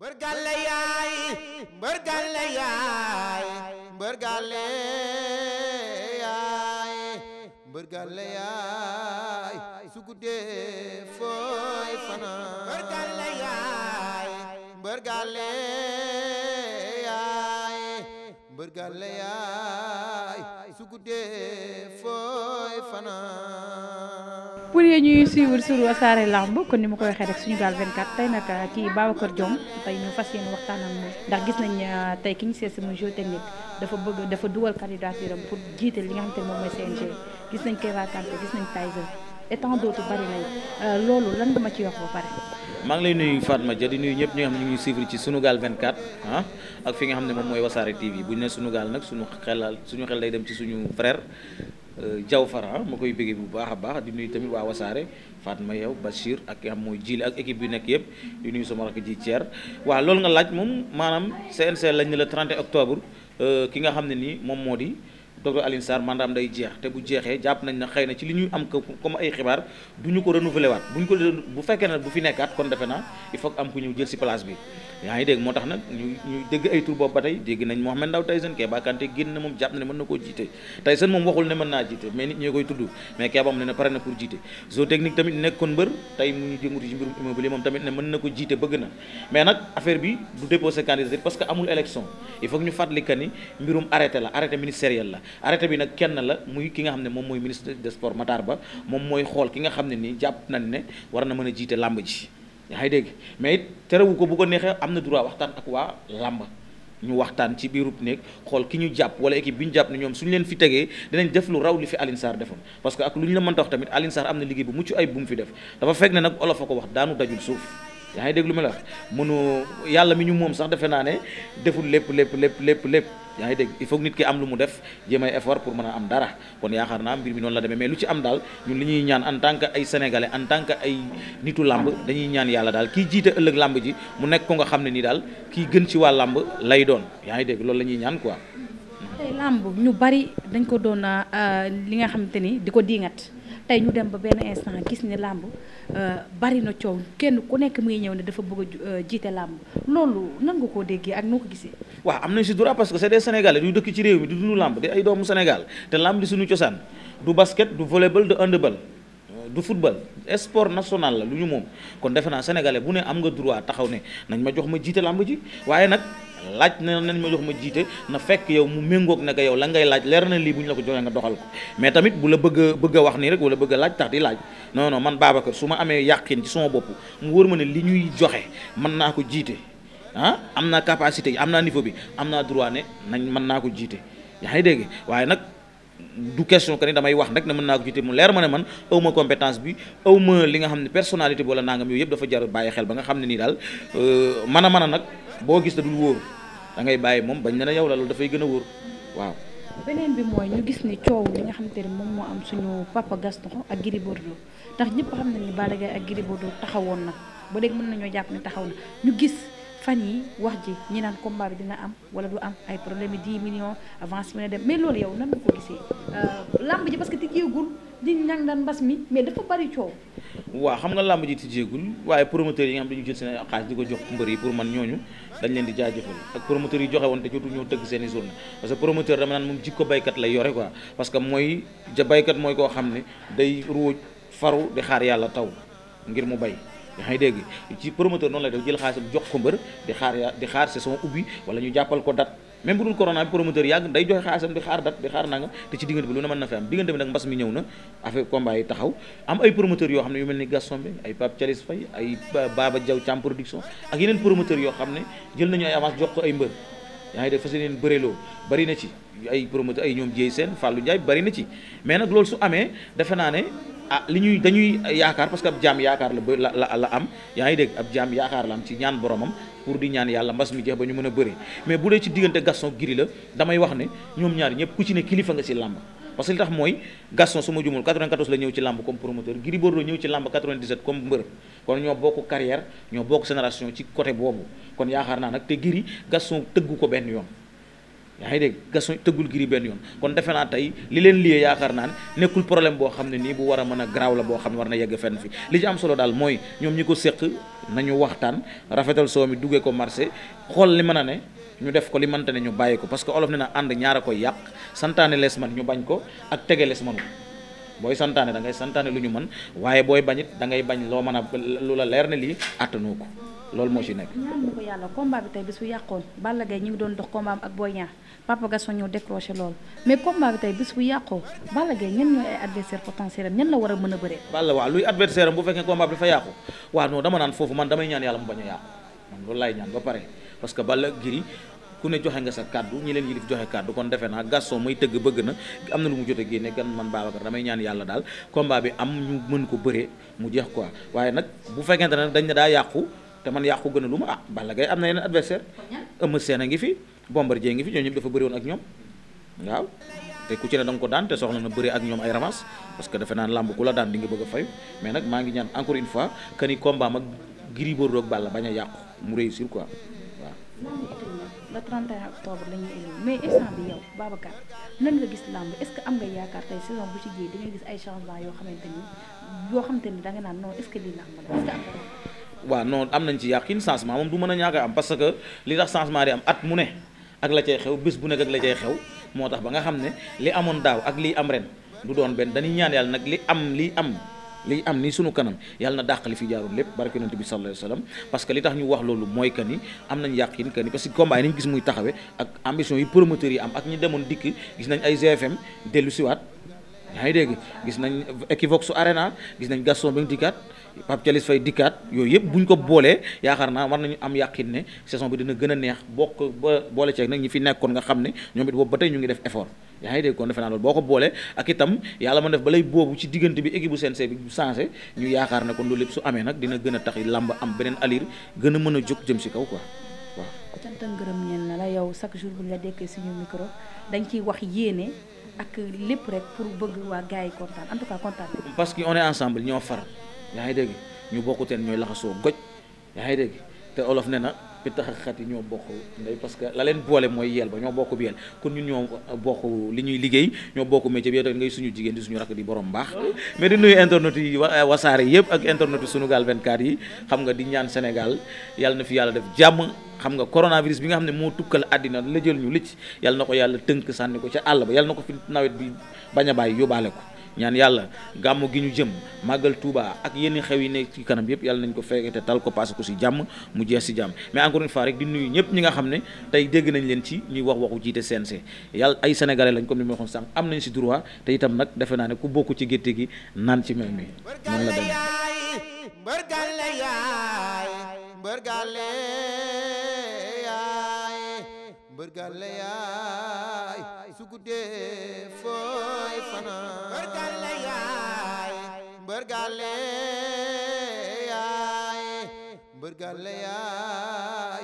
mbër gàlle yaay yaay mbër gàlle yaay yaay su guddee fooy yaay mbër gàlle yaay mbër fanaan pour yéen ñuy suivre sur Wassare Lamb kon ni ma ko waxee rek suñu gaal 24 tey nag euh, kii Babacar Diome tey ñu fas yéene waxtaan moom ndax gis nañ euh, tey ki ñu seet si muy géotechnique dafa bëgg dafa duwal candidature am pour jiite li nga xam te moom mooy CNG gis nañ Kéba Kanté gis nañ Tyson et tant d'autres bari nañ euh, loolu lan nga ci wax ba pare. maa ngi lay nuyu Fatma Dia di nuyu ñëpp ñi nga xam ne ñu ngi suivre ci Sunugal 24 ah ak fi nga xam ne moom mooy Wasaare TV bu ñu nee Sunugal nag suñu xelal suñu xel day dem ci suñu frère. Jaw euh, Fara ah, ma koy bëggee bu baax a baax di nuyu tamit waa Wasaare ma yow Bachir ak am mooy jili ak équipe bi nekk yëpp di nuyu sama rakk ji Thier waaw loolu nga laaj moom maanaam CNC lañ ne le 30 octobre euh, ki nga xam ne nii moom moo di. docteur Alioune Sarr mandaam day jeex te bu jeexee jàpp nañ na xëy na ci li ñuy am comme ay xibaar du ñu ko renouveler waat bu ñu ko bu fekkee ne bu fi nekkaat kon defe naa il faut que am ngi dégg moo tax nag ñu ñu dégg ay tur boobu na moom jàpp na ne mën na koo jiite Tyson moom waxul ne mën naa jiite mais nit ñee koy tudd mais moom tamit nekkoon mbër tey mu ñu jëngutu ci na ko bi du déposer candidature parce que amul élection il faut ñu fàttali que ni mbirum arrêté la arrêté ministériel la arrêté bi nag kenn la muy ki nga xam ne moom mooy ministre des sports Matar Ba moom mooy xool ki nga xam ne nii jàpp nañ ne war na mën a jiite làmb ji yaa ngi dégg mais it terewu ko bu ko neexee am na droit waxtaan ak waa làmb ñu waxtaan ci biirub néeg xool ki ñu jàpp wala équipe bi ñu jàpp ne ñoom suñu leen fi tegee dinañ def lu raw li fi Alioune Sarr defoon parce que ak lu ñu la mënta wax tamit Alioune Sarr am na liggéey bu mucc ay bu mu fi def dafa fekk ne nag ko wax daanu dajul suuf yaa ngi dégg lu ma la wax mënu yàlla mi ñu moom sax defe naa ne deful lépp lépp lépp lépp lépp yaa ngi dégg i faut nit ki am lu mu def jéem ay effort pour mën a am dara kon yaakaar naa mbir mi noonu la deme mais lu ci am daal ñun li ñuy ñaan en tant que ay sénégalais en tant que ay nitu làmb dañuy ñaan yàlla daal kii jiite ëllëg làmb ji mu nekk ko nga xam ne nii daal kii gën ci waa làmb lay doon yaa ngi dégg loolu la ñuy ñaan quoi. tey làmb ñu bari dañ ko doon euh, li nga xamante ni di ko diingat tey ñu dem ba benn instant gis ni làmb euh, bari na coow kenn ku nekk muy ñëw ne dafa bëgg a euh, jiite làmb loolu nan nga koo déggee ak noo ko gisee waaw am nañ si droit parce que c'est des sénégalais yu dëkk ci réew mi du dund làmb de ay doomu sénégal te làmb di suñu cosaan du basket du volleyball du handball du football sport national la lu ñu moom kon defe naa sénégalais bu ne am nga droit taxaw ne nañ ma jox ma jiite làmb ji waaye nag laaj na nañ ma jox ma jiite na fekk yow mu méngoog ne yow la ngay laaj leer na lii bu ñu la ko joxee nga doxal ko mais tamit bu la bëgg a wax nii rek wala bëgg a di laaj non man Babacar su ma amee yàqin ci sama bopp mu wóor ma ne li ñuy joxe man naa ko jiite ah am naa capacité yi am naa niveau bi am naa droit ne nañ mën naa ko jiite yaa ngi dégg waaye nag. du question que ni damay wax rek ne mën naa ko ci te mu leer ma ne man aw ma compétence bi aw li nga xam ne personnalité bi wala nangam yooyu yëpp dafa jar bàyyi xel ba nga xam ne nii daal euh, mën a man a nag boo gis da wóor da ngay bàyyi moom bañ ne na yow la loolu dafay gën a wóor waaw. beneen bi mooy ñu gis ni coow li nga xam te ne moom moo am suñu papa Gaston ak Gris Bordeaux ndax ñëpp xam nañu ne Balla Gaye ak Gris Bordeaux taxawoon na ba léegi mën nañoo jàpp taxaw na ñu gis. fan yi wax ji ñi naan combat bi dina am wala du am ay problème yi 10 millions avance bi na dem mais loolu yow nan nga ko gisee euh, làmb ji parce que tijjeegul di ñang daan mbas mi mais dafa bari coow. waa xam nga làmb ji tijjeegul waaye promoteurs yi nga xam dañu jël seen xaalis di ko yi pour man ñooñu dañ leen di jaajëfal ak promoteurs yi joxe woon te jotu ñoo tëgg seen i journée parce que promoteur dama naan moom jikko baykat lay yore quoi parce que mooy baykat mooy koo xam ne day ruuj faru di xaar yàlla taw ngir mu bay yaa ngi dégg ci promoteur noonu lay def jël xaalisam jox ko mbër di xaar di xaar saison ubbi wala ñu jàppal ko date même bu dul corona bi promoteur yàgg day joxe xaalisam di xaar date di xaar nanga te ci diggante bi lu ne mën na fi am diggante bi nag mbas mi ñëw na affaire combat yi taxaw am ay promoteurs yoo xam ne yu mel ni Gaston bi ay Pape Thialis Faye ay Baba Diaw Thiam production ak yeneen promoteurs yoo xam ne jël nañu ay avance jox ko ay mbër yaa ngi def fas yéeneen bëreloo bari na ci ay promoteur ay ñoom Dieye Sène Fallou Ndiaye bari na ci mais nag loolu su amee defe naa ne ah li ñuy dañuy yaakaar parce que ab jaam yaakaar la am ngi dégg ab jaam yaakaar ci ñaan boromam pour di ñaan yàlla mbas mi jeex ba ñu mën a bëri mais bu dee ci diggante Gaston Giri la damay wax ne ñoom ñaar ñëpp ku ci ne kilifa nga si làmb parce que li tax mooy Gaston su ma jumul la ñëw ci làmb comme promoteur Giri Bordeaux ñëw ci làmb comme kon ñoo bokk carrière ñoo bokk sénération ci côté boobu kon yaakaar naa nag te giri gason tëggu ko benn yoon yaa ngi dégg Gaston tëggul Gris benn yoon kon defe naa tey li leen liyee yaakaar naa nekkul problème boo xam ne nii bu war a mën a garaaw la boo xam ne war na yegg fenn fi li ci am solo daal mooy ñoom ñi ko séq nañu waxtaan rafetal soo mi duggee ko marché xool li mën a ne ñu def ko li mënta ne ñu bàyyi ko parce que olof ne na ànd ñaar a koy yàq santaane lees man ñu bañ ko ak tege lees manu booy santaane da ngay santaane lu ñu mën waaye booy bañit da ngay bañ loo mën a lu la leer ne lii attanoo ko loolu moo ci nekk. ñaan na ko yàlla combat bi tey bis bu yàqoon Balla Gaye ñu ngi doon dox combat am ak Boy Niang Papa Gaston ñëw décroché loolu mais combat bi bu yàqoo Balla Gaye ñan ñooy ay adversaire potentiel am ñan war a mën a bëree. Balla waaw luy adversaire bu fekkee combat bi dafa yàqu waaw non dama naan foofu man damay ñaan yàlla mu bañ a yàqu man loolu laay ñaan ba pare parce que Balla Giri ku ne joxe nga sa kàddu ñi leen yilif joxe kàddu kon defe naa Gaston may tëgg bëgg na am na lu mu jot a génne gan man Babacar damay ñaan yàlla daal combat bi am ñu mën ko bëree mu jeex quoi waaye nag bu fekkente ne dañ ne daa yàqu te man yàqu gën a lu ma ah Balla Gaye am na yeneen adversaire Eumeu Sène a ngi fi Bombardier ngi fi ñoo ñëpp dafa bëri ak ñoom waaw te ku ci ne da nga ko daan na bëri ak ñoom ay ramas parce que defe naan làmb ku la daan di nga bëgg a mais nag maa ngi ñaan encore une fois que ni combat mag Gris Bordeaux ak Balla bañ a yàqu mu réussir quoi waaw le 31 octobre la ñuy éliw mais instant bi yow Babacar nan nga gis làmb est-ce que am nga yaakaar tey saison bu ci géej di nga gis ay changement yoo xamante ni yoo xamante ni da nga naan non est-ce que lii làmb la est-ce que am nga waaw non am nañ ci yàqin changement moom du mën a ñàkk a am parce que li tax changement di am at mu ne ak la cay xew bés bu nekk ak la cay xew moo tax ba nga xam ne li amoon daaw ak lii am ren du doon benn dañuy ñaan yàlla nag li am lii am li am ni suñu kanam yal na dàqali fi jaaroon lépp barke yonent bi sallallahu alayhi wasallam que li tax ñu wax loolu mooy que ni am nañ yàqin que ni parce que combat yi nañ gis muy taxawee ak ambition yi promoteurs yi am ak ñi demoon dikk gis nañ ay GFM dellu siwaat yaa dégg gis nañ Equivox su Arena gis nañ Gaston ba dikkaat Pape Thialis Faye dikkaat yooyu yëpp buñ ko boolee yaakaar naa war nañu am yàqin ne saison bi dina gën a neex bokk ba boole ceeg nag ñi fi nekkoon nga xam ne ñoom it ba tey ñu ngi def effort yaa ngi dégg kon defe naa loolu boo ko boole ak itam yàlla ma def balay boobu ci diggante bi équipe bu CNG bi bu changé ñu yaakaar na kon loolu lépp su amee nag dina gën a tax làmb am beneen alir gën a mën a jóg jëm si kaw quoi waaw. cant ngërëm ñeel na la yow chaque jour bu la dekkee suñu micro dañ ciy wax yéene ak lépp rek pour bëgg waa gars yi kontaan en parce que on est ensemble ñoo far yaa ngi dégg ñu bokkuteen ñooy laxasoo goj yaa ngi dégg te olof fi tax xat yi ñoo bokk ndey parce que la leen boole mooy yeel ba ñoo bokk bi yeel kon ñun ñoo bokk li ñuy liggéey ñoo bokk métier bi yow tamit ngay suñu jigéen suñu rakk di borom baax mais di nuyu internet yi eh, wasaare yëpp ak internet yi Sunugal 24 yi xam nga di ñaan Sénégal yàlla na fi yàlla def jàmm xam nga coronavirus bi nga xam ne moo tukkal àddina la jël ñu lëcc yàlla na ko yàlla tënk sànni ko ca àll ba yàlla na ko fi nawet bi bañ a bàyyi yóbbaale ko ñaan yàlla gàmmu gi ñu jëm màggal Touba ak yenn xew yi nekk ci kanam yëpp yàlla nañ ko fekkee te tal ko passé ko si jàmm mu jeex si jàmm mais encore une fois rek di nuyu ñëpp ñi nga xam ne tey dégg nañ leen ci ñuy wax waxu jiite CNG yàlla ay sénégalais lañ comme ni ma waxoon sànq am nañ si droit te mbërgàlle yaay su guddee fooy fanaan mbërgàlle yaay mbërgàlle yaay mbërgàlle yaay